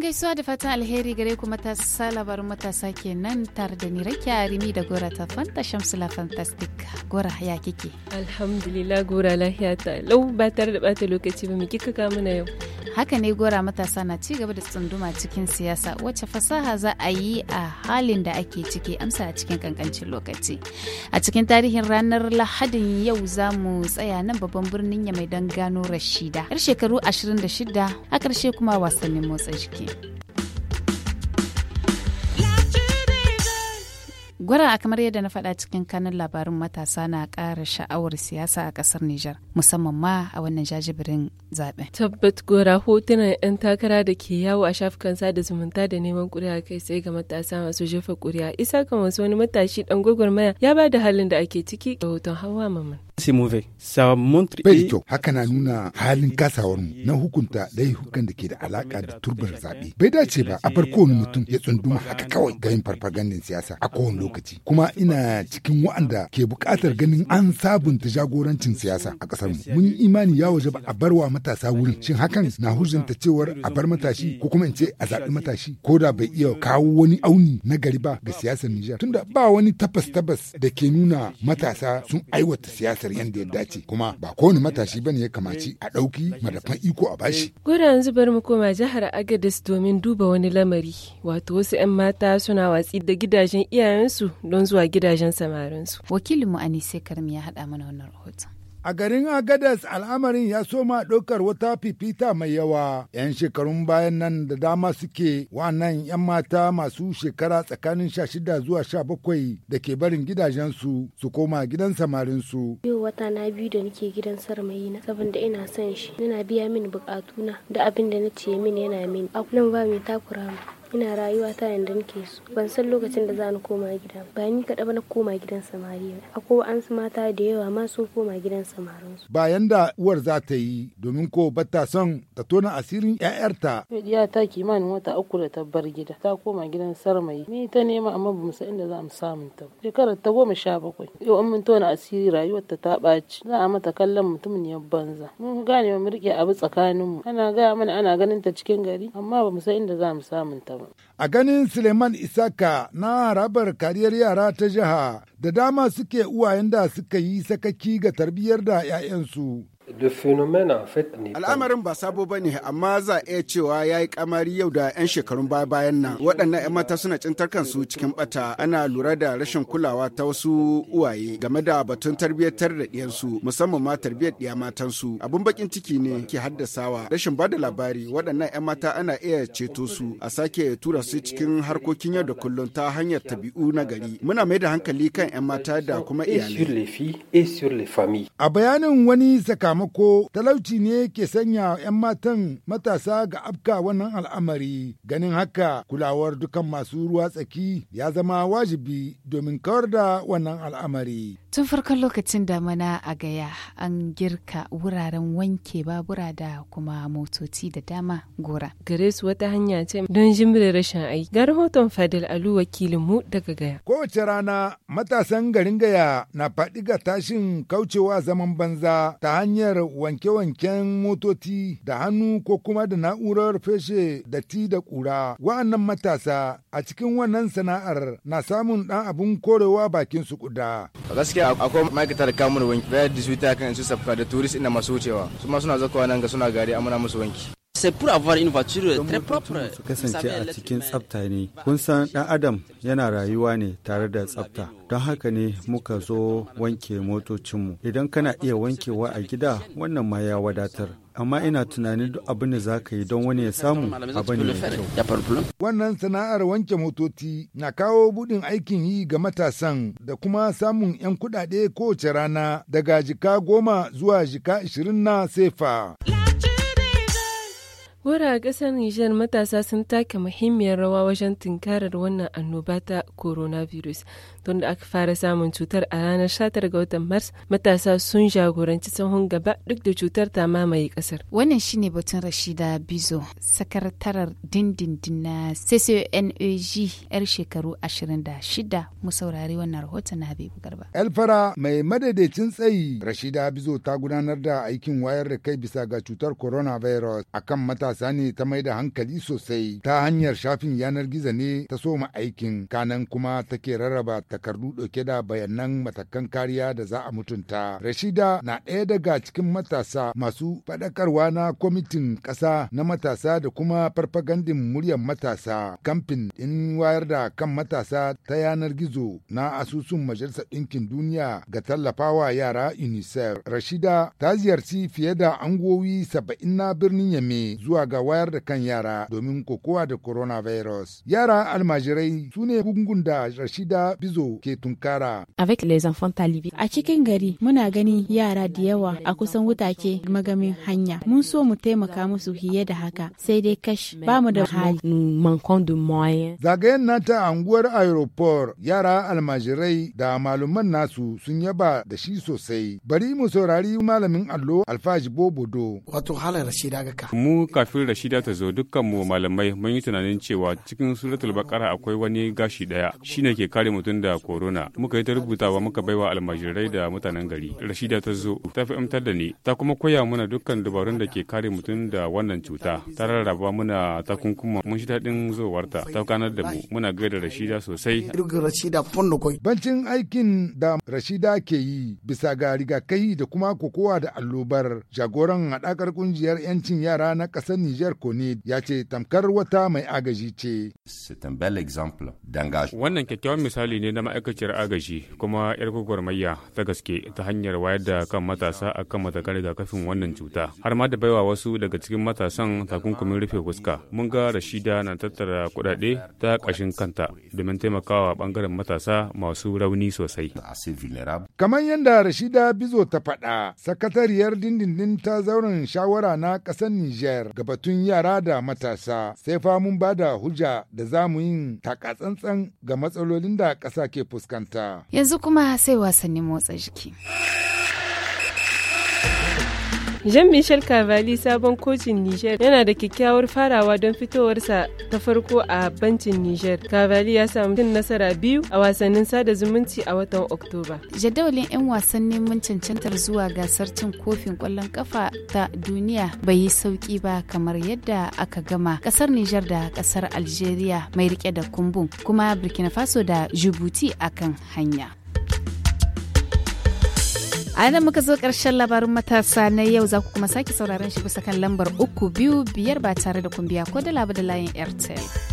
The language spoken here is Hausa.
gaisuwa da fatan alheri gare ku matasa labarin matasa kenan tare da ni rakiya rimi da gora ta fanta shamsula fantastic gora ya kike alhamdulillah gora lahiya ta lau ba tare da bata lokaci ba mu kika ka yau haka ne gora matasa na ci gaba da tsunduma cikin siyasa wacce fasaha za a yi a halin da ake ciki amsa a cikin kankancin lokaci a cikin tarihin ranar lahadin yau za mu tsaya nan babban birnin ya mai don gano rashida har shekaru 26 a ƙarshe kuma wasannin motsa jiki. Gwara a kamar yadda na faɗa cikin kanun labarin matasa na ƙara sha'awar siyasa a ƙasar Nijar, musamman ma a wannan jajibirin zaɓe. Tabbat gora hotunan 'yan takara da ke yawo a shafukan sada zumunta da neman ƙuri'a kai sai ga matasa masu jefa ƙuri'a. Isa kamar wani matashi ɗan gwagwarmaya ya ba da halin da ake ciki da hoton hawa mamman. c'est mauvais. montre. Bai kyau, haka na nuna halin kasawar mu. na hukunta laifukan da ke da alaka da turbar zaɓe. Bai dace ba a farko wani mutum ya tsunduma haka kawai ga yin farfagandin siyasa a kowane lokaci. Kuma ina cikin wa'anda ke buƙatar ganin an sabunta jagorancin siyasa a ƙasar mu. Mun yi imani ya waje ba a bar wa matasa wurin. Shin hakan na hujjanta cewar a bar matashi ko kuma in ce a zaɓi matashi ko da bai iya kawo wani auni na gari ba ga siyasar Nijar. Tunda ba wani tabbas tabbas da ke nuna matasa sun aiwata siyasa buƙatar yadda ya dace kuma ba kowane matashi bane ya kamaci a ɗauki madafan iko a bashi. Gura yanzu bari mu koma jihar Agadez domin duba wani lamari wato wasu 'yan mata suna watsi da gidajen iyayensu don zuwa gidajen samarinsu. Wakilinmu Anise Karmi ya haɗa mana wannan rahoton. A garin Agadas al'amarin ya soma ɗaukar wata fifita mai yawa. 'Yan shekarun bayan nan da dama suke wannan 'yan mata masu shekara tsakanin 16 zuwa 17 da ke barin gidajensu su koma gidan samarin su Yau wata na biyu da nake gidan sarmayi na saboda ina son shi nana biya min bukatuna da abin da na ce min yana min. Akulan ba mai takura ina rayuwa ta yanda nake so ban san lokacin da za ni koma gida ba ni kada ba na koma gidan samari akwai an mata da yawa ma sun koma gidan samarin su ba yanda uwar za ta yi domin ko bata son ta tona asirin ƴaƴarta ya ta kimanin wata uku da ta bar gida ta koma gidan sarmai ni ta nema amma bamu san inda za mu samu ta shekarar ta goma sha bakwai yau an mun tona asiri rayuwar ta ta ɓaci za a mata kallon mutumin ya banza mun gane mu rike abu tsakaninmu ana gaya mana ana ganin ta cikin gari amma ba san inda za mu samu ta A ganin Suleiman Isaka na harabar kariyar yara ta jiha da dama suke uwayen da suka yi sakaki ga tarbiyyar da 'ya'yansu Al'amarin ba sabo ba ne, amma za a iya cewa ya yi kamari yau da 'yan shekarun baya bayan nan. Waɗannan 'yan mata suna cintar kansu cikin bata. ana lura da rashin kulawa ta wasu uwaye game da batun tarbiyyar da ɗiyansu, musamman ma tarbiyyar ɗiya matansu. Abin bakin ciki ne ke haddasawa. Rashin ba da labari, waɗannan 'yan mata ana iya ceto su, a sake tura su cikin harkokin yau da kullum ta hanyar tabi'u na gari. Muna mai da hankali kan 'yan mata da kuma iyalai. A bayanin wani zaka sakamako talauci ne ke sanya 'yan matan matasa ga afka wannan al'amari ganin haka kulawar dukan masu ruwa tsaki ya zama wajibi domin kawar da wannan al'amari. Tun farkon lokacin da mana a gaya an girka wuraren wanke babura da kuma motoci da dama gora. Gare wata hanya ce don jimre rashin aiki. Ga rahoton Fadil Alu mu daga gaya. Kowace rana matasan garin gaya na faɗi ga tashin kaucewa zaman banza ta hanyar wanke-wanken motoci da hannu ko kuma da na'urar feshe da ti da ƙura. Wa'annan matasa a cikin wannan sana'ar na samun ɗan abun korewa bakin su kuda. Gaskiya akwai ma'aikatar kamun wanki bayar da su ta kan su safka da turist ina masu wucewa su ma suna zakowa nan ga suna gari amuna musu wanki sai kasance a cikin tsafta ne kun san dan adam yana rayuwa ne tare da tsafta don haka ne muka zo wanke motocinmu idan kana iya wankewa a gida wannan ma ya wadatar amma ina tunanin duk abin da za ka yi don wani ya samu abin ne kyau. Wannan sana'ar wanke motoci na kawo budin aikin yi ga matasan da kuma samun 'yan kuɗaɗe kowace rana daga jika goma zuwa jika ashirin na sefa. Gora a ƙasar Nijar matasa sun take muhimmiyar rawa wajen tunkarar wannan annoba ta coronavirus. Tun da aka fara samun cutar a ranar 19 ga watan Mars, matasa sun jagoranci sahun gaba duk da cutar ta mamaye ƙasar. Wannan shine batun Rashida Bizo, sakatarar dindindin na CCNAG yar shekaru 26 mu saurari wannan rahoton na Habibu Garba. Alfara mai madaidaicin tsayi Rashida Bizo ta gudanar da aikin wayar da kai bisa ga cutar coronavirus akan matasa wasa ne ta mai da hankali sosai ta hanyar shafin yanar gizo ne ta soma aikin kanan kuma take rarraba takardu ɗauke da bayanan matakan kariya da za a mutunta. Rashida na ɗaya daga cikin matasa masu faɗakarwa na kwamitin ƙasa na matasa da kuma farfagandin muryar matasa kamfin in wayar da kan matasa ta yanar gizo na asusun majalisar ɗinkin duniya ga tallafawa yara UNICEF. Rashida ta ziyarci fiye da angowi saba'in na birnin Yame zuwa ga wayar da kan yara domin kokowa da coronavirus. Yara almajirai su ne gungun da Rashida Bizo ke tunkara. Avec les enfants talibi. A cikin gari muna gani yara da yawa a kusan ke magamin hanya. Mun so mu taimaka musu fiye da haka sai dai kash ba mu da hali. Zagayen nata a unguwar aeroport yara almajirai da malaman nasu sun yaba da shi sosai. Bari mu saurari malamin allo Alfaji Bobodo. Wato halar Rashida ga ka. Mu kafin Rashida ta zo dukkanmu malamai mun yi tunanin cewa cikin suratul bakara akwai wani gashi daya shine ke kare mutum da corona muka yi ta rubutawa muka bai wa almajirai da mutanen gari Rashida ta zo ta fi amtar da ni ta kuma koya mana dukkan dabarun da ke kare mutum da wannan cuta ta rarraba muna takunkuma mun shi daɗin zowarta ta kanar da mu muna gaida Rashida sosai bancin aikin da Rashida ke yi bisa ga rigakai da kuma kokowa da allobar jagoran haɗakar ƙungiyar 'yancin yara na ƙasar ƙasar Nijar Kone ya ce tamkar wata mai agaji ce. Wannan kyakkyawan misali ne na ma'aikaciyar agaji kuma 'yar gwagwarmayya ta gaske ta hanyar wayar da kan matasa a kan matakan kafin wannan cuta. Har ma da baiwa wasu daga cikin matasan takunkumin rufe fuska. Mun ga Rashida na tattara kuɗaɗe ta kashin kanta domin taimakawa bangaren matasa masu rauni sosai. Kamar yadda Rashida Bizo ta faɗa, sakatariyar dindindin ta zauren shawara na ƙasar Nijar batun yara da matasa sai fa mun ba da hujja da za mu yin takatsantsan ga matsalolin da ƙasa ke fuskanta. Yanzu kuma sai wasanni motsa jiki. Jean-Michel Cavalli sabon kocin Niger yana da kyakkyawar farawa don fitowarsa ta farko a bancin Niger. Cavalli ya samu cin nasara biyu a wasannin sada zumunci a watan Oktoba. Jadawalin 'yan wasan neman cancantar zuwa gasar cin kofin kwallon kafa ta duniya bai yi sauki ba kamar yadda aka gama kasar Niger da kasar Algeria mai rike da kumbun kuma Burkina Faso da Djibouti akan hanya. a nan muka zo karshen labarin matasa na yau za ku kuma sake sauraron shi bisa kan lambar uku biyu biyar ba tare da kumbiya ko da labu da layin airtel